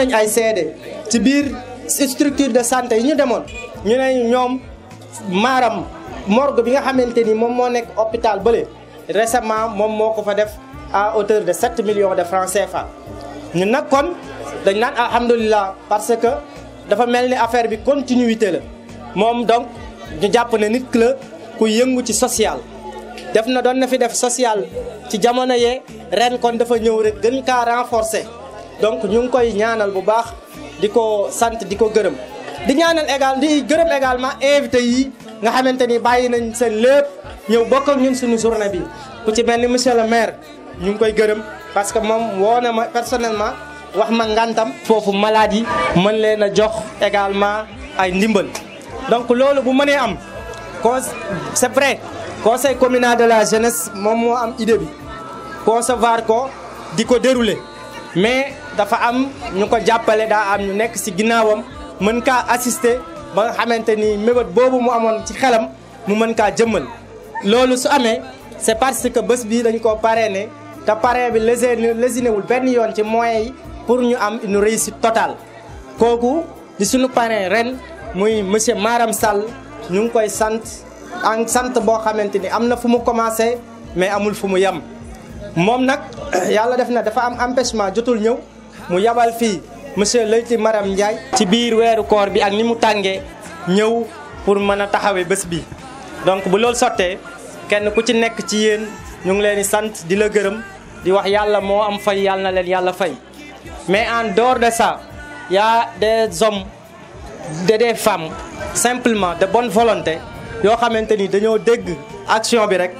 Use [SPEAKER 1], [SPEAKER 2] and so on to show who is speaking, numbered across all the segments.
[SPEAKER 1] nañ ay seede ci biir structure de santé yi ñu demoon ñu ne ñoom maaram morgue bi nga xamante ni moom moo nekk hôpital bële récemment moom moo ko fa def à hauteur de 7 millions de francs CFA ñun nag kon dañ naan alhamdulilah parce que dafa mel ni affaire bi continuité la moom donc ñu jàpp ne nit la ku yëngu ci sociale def na doon na fi def sociale ci jamono yee ren kon dafa ñëw rek gën kaa renforcer donc ñu ngi koy ñaanal bu baax di ko sant di ko gërëm di ñaanal égale di gërëm également invité yi nga xamante ni bàyyi nañ seen lépp ñëw bokk ak ñun suñu journée bi ku ci mel ni le maire ñu ngi koy gërëm parce que moom woo na ma personnellement wax ma ngantam foofu malade mën leen a jox également ay ndimbal donc loolu bu mënee am con c'est vrai conseil communal de la jeunesse moom moo am idée bi concevoir ko di ko dérouler mais dafa am ñu ko jàppale daa am ñu nekk ci ginnaawam mën kaa assister ba nga xamante ni mébét boobu mu amoon ci xelam mu mën kaa jëmmal loolu su amee c'est parce que bés bi dañ ko ne te parrain bi lésiné lésiné wul benn yoon ci moyens yi pour ñu am une réussite total kooku di suñu parrain ren muy monsieur Maram Sall ñu ngi koy sant en sant boo xamante ni am na fu mu commencé mais amul fu mu yem moom nag yàlla def na dafa am empêchement jotul ñëw mu yabal fii monsieur Leyti Maram Ndiaye. ci biir weeru koor bi ak ni mu tàngee ñëw pour mën a taxawee bés bi donc bu loolu sottee kenn ku ci nekk ci yéen ñu ngi leen di sant di la gërëm di wax yàlla moo am fay yàlla na leen yàlla fay mais en door de ça yaa a des hommes de des femmes simplement de bonne volonté yoo xamante ni dañoo dégg action bi rek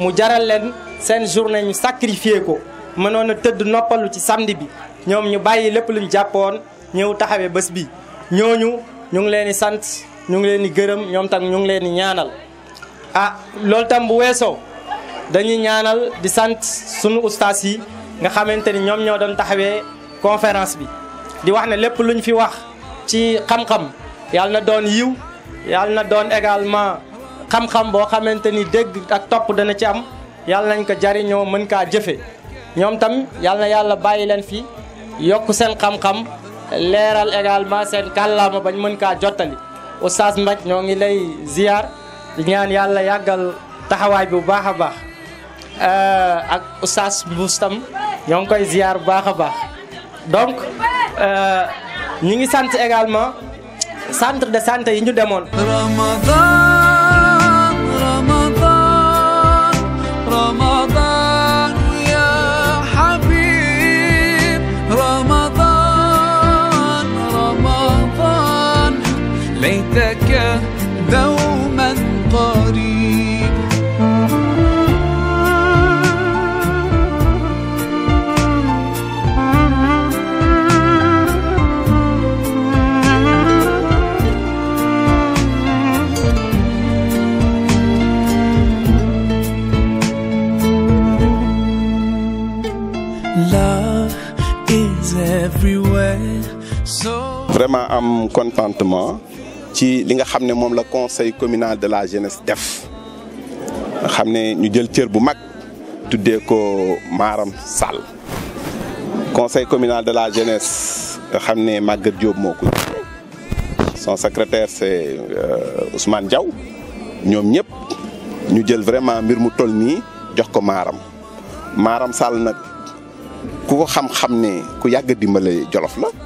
[SPEAKER 1] mu jaral leen seen journée ñu sacrifier ko mënoon a tëdd noppalu ci samedi bi ñoom ñu bàyyi lépp luñ jàppoon ñëw taxawee bés bi ñooñu ñu ngi leen di sant ñu ngi leen di gërëm ñoom tam ñu ngi leen di ñaanal ah loolu tam bu weesoo dañuy ñaanal di sant sunu ustaas yi nga xamante ni ñoom ñoo doon taxawee conférence bi di wax na lépp luñ fi wax ci xam-xam yàlla na doon yiw yàlla na doon également xam-xam boo xamante ni dégg ak topp dana ci am yàlla nañ ko jariñoo mën kaa jëfe ñoom tam yàlla na yàlla bàyyi leen fii yokk seen xam-xam leeral également seen kàllaama bañ mën kaa jottali oustaz Mbaj ñoo ngi lay ziar ñaan yàlla yàggal taxawaay bu baax a baax euh, ak oustaz tam ñoo ngi koy ziar bu baax a baax donc euh, ñi ngi sant également centre de santé yi ñu demoon.
[SPEAKER 2] vraiment am contentement ci li nga xam ne moom conseil communal de la jeunesse def xam ne ñu jël cër bu mag tuddee ko Maram Sall conseil communal de la jeunesse nga xam ne Maguette son secrétaire c'est euh, Ousmane Diaw ñoom ñëpp ñu jël vraiment mbir mu toll nii jox ko Maram Maram Sall nag ku ko xam-xam ne ku yàgg dimbale Jolof la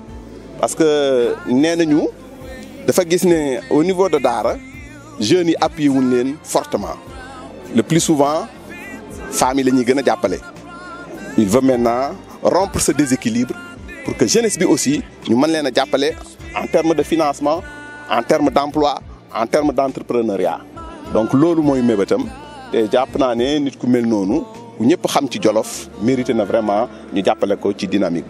[SPEAKER 2] parce que nous, dafa au niveau de les jeunes appuient fortement le plus souvent femmes familles gëna jappalé il veut maintenant rompre ce déséquilibre pour que jeunesse bi aussi ñu en termes de financement en termes d'emploi en termes d'entrepreneuriat donc lolu moy mébétam té jàpp naa ne nit ku mel nonu ku ñëpp xam ci Jolof mérité na vraiment ñu jappalé ko ci dynamique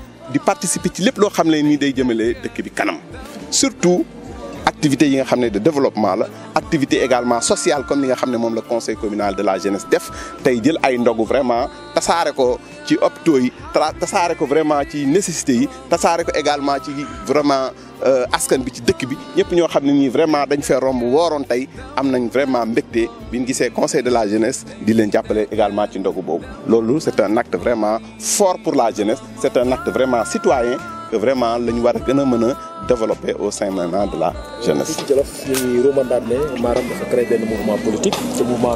[SPEAKER 2] di participer ci lépp loo xam ne nii day jëmale dëkk bi kanam surtout activités yi nga xamné de développement la activité également sociale comme li nga xamné mom le conseil communal de la jeunesse def tay jël ay ndogu vraiment tassaré ko ci opto yi tassaré ko vraiment ci nécessité yi tassaré ko également ci vraiment euh, askan bi ci dëkk bi ñëpp ñoo xamné ni vraiment dañ fee romb woron tay am nañ vraiment mbégte bi ñu gisee conseil de la jeunesse di leen jappalé également ci ndogu bobu loolu c'est un acte vraiment fort pour la jeunesse c'est un acte vraiment citoyen vraiment le ñu a développer au sein de la jeunesse. créé un mouvement politique Ce mouvement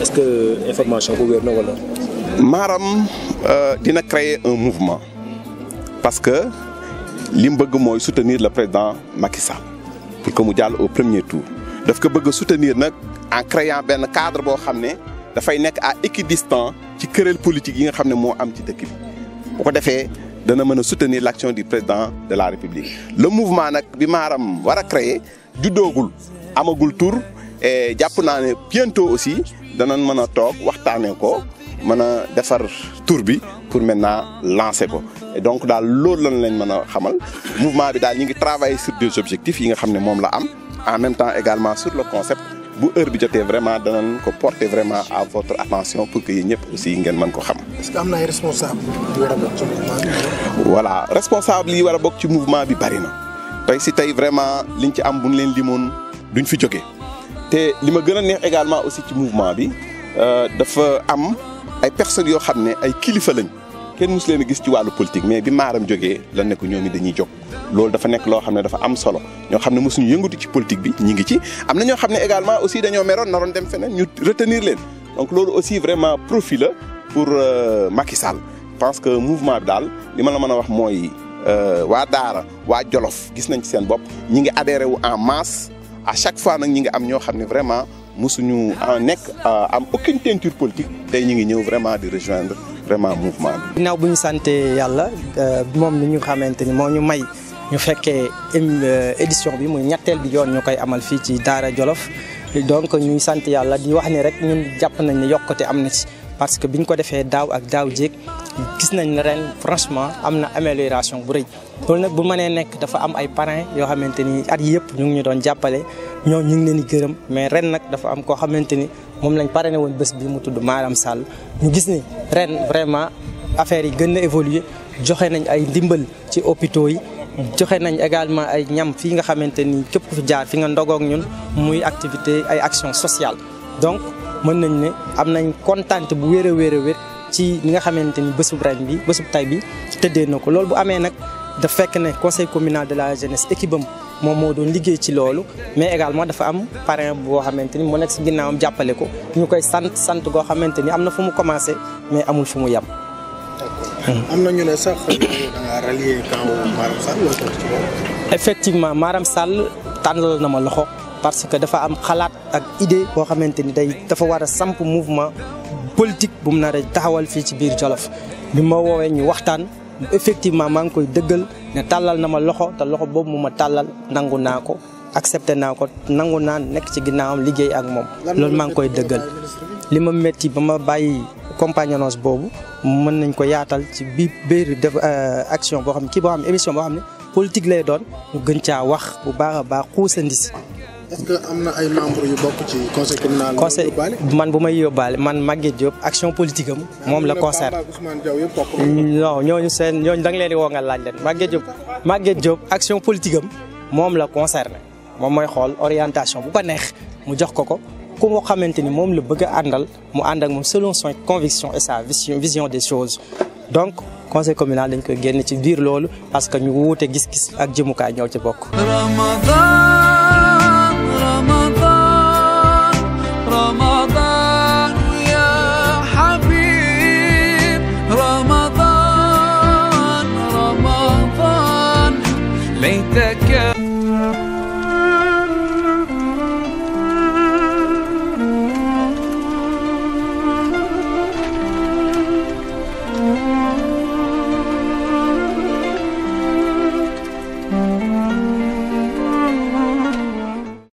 [SPEAKER 2] est-ce que l'information Maram euh, dina créer un mouvement parce que li soutenir le président Macky pour que au premier tour Donc, soutenir en créant un cadre à équidistant querelles politique yi nga xam mo am ci dëkk bi bu ko défé dana mën soutenir l'action du président de la république le mouvement nak bi maram wara créer du dogul amagul tour et japp naa bientôt aussi dana mën tok waxtané ko mën défar tour bi pour maintenant lancer ko et donc daal lan lañ leen a xamal mouvement bi dal ñi ngi travailler sur deux objectifs yi nga xam mom la am en même temps également sur le concept bu heure bi jotee vraiment danañ ko porter vraiment à votre attention pour que yéen ñëpp aussi ngeen mën ko xam. est-ce que am na ay responsable yu war a bokk ci mouvement bi. voilà responsable yi war a bokk ci mouvement bi bari na tey si tey vraiment liñ ci am buñ leen limoon duñ fi jóge te li ma gën a neex également aussi ci mouvement bi euh, dafa am ay personnes yoo xam ne ay kilifa lañ kenn mus leen a gis ci wàllu politique mais bi maaram jógee la nekk ñoom dañuy jóg loolu dafa nekk loo xam ne dafa am solo ñoo xam ne mosuñu yëngatu ci politique bi ñi ngi ci am na ñoo xam ne également aussi dañoo meroon naroon dem feneen ñu retenir leen donc loolu aussi vraiment profit la pour euh, Macky Sall pense que mouvement bi daal li ma la mën a wax mooy euh, waa Daara waa Jolof gis nañ ci seen bopp ñi ngi adhéré wu en masse à chaque fois nag ñi ngi am ñoo xam ne vraiment mosuñu nekk euh, am aucune teinture politique tey ñi ngi ñëw vraiment di rejoindre vraiment mouvement bi.
[SPEAKER 1] ginnaaw bu ñu sante yàlla moom mi ñu xamante ni moo ñu may. ñu fekkee euh, édition bi muy ñetteel bi yoon ñu koy amal fii ci Daara Jolof donc ñuy sant yàlla di wax ni rek ñun jàpp nañ ne yokkute am na si parce que bi ñu ko defee daaw ak daaw jéeg gis nañ ne ren franchement am na amélioration bu rëy loolu nag bu mënee nekk dafa am ay parrain yoo xamante ni at yi yëpp ñu ngi ñu doon jàppale ñoom ñu ngi leen di gërëm mais ren nag dafa am koo xamante ni moom lañ parrainé woon bés bi mu tudd Maram Sall ñu gis ni ren vraiment affaire yi gën na évoluer joxe nañ ay ndimbal ci hôpitaux yi joxe nañ également ay ñam fi nga xamanteni képp ku fi jaar fi nga ndogok ñun muy activité ay action sociale donc mën nañ né am nañ kontante bu wéré wéré wér ci li nga xamanteni ni bésub bi bésub tay bi tëddee na ko loolu bu amé nak da fekk né conseil communal de la jeunesse équipe am moom moo doon liggéey ci loolu mais également dafa am parrain bo xamanteni mo moo nekk si ginnaawam ko ñukoy sante sante go xamanteni amna fu mu commencé mais amul fu mu yem Hmm. effectivement Maram Sall na ma loxo parce que dafa am khalat ak idée bo xamanteni day dafa wara samp mouvement politique bu mu taxawal fi ci bir Jolof bi ma woowee ñu waxtan effectivement maa ngi koy deugal ne talal na ma loxo ta loxo bobu mu ma tàllal nangu naa ko accepté naa ko nangu naa ci ginaawam liggey ak mom lool maa ngi koy deugal lima metti bama bayyi compagnonnage boobu mën nañ ko yaatal ci bi biir def euh, action boo xam ne ci boo xam ne émission boo xam ne politique lay doon mu gën caa wax bu baax a baax xuusandi si. am na ay ci conseil man bu may yóbbaale man Maguette Diop action politique am. moom la concerne non ñooñu seen ñooñu da leen di woo nga laaj leen Maguette Diop. Maguette Diop action politique am moom la concerne moom mooy xool orientation bu ko neex mu jox ko ko. Comment selon son conviction et sa vision des choses donc conseil communal dañ ci parce que ñu Ramadan, Ramadan, gis ak
[SPEAKER 2] Ramadan, Ramadan.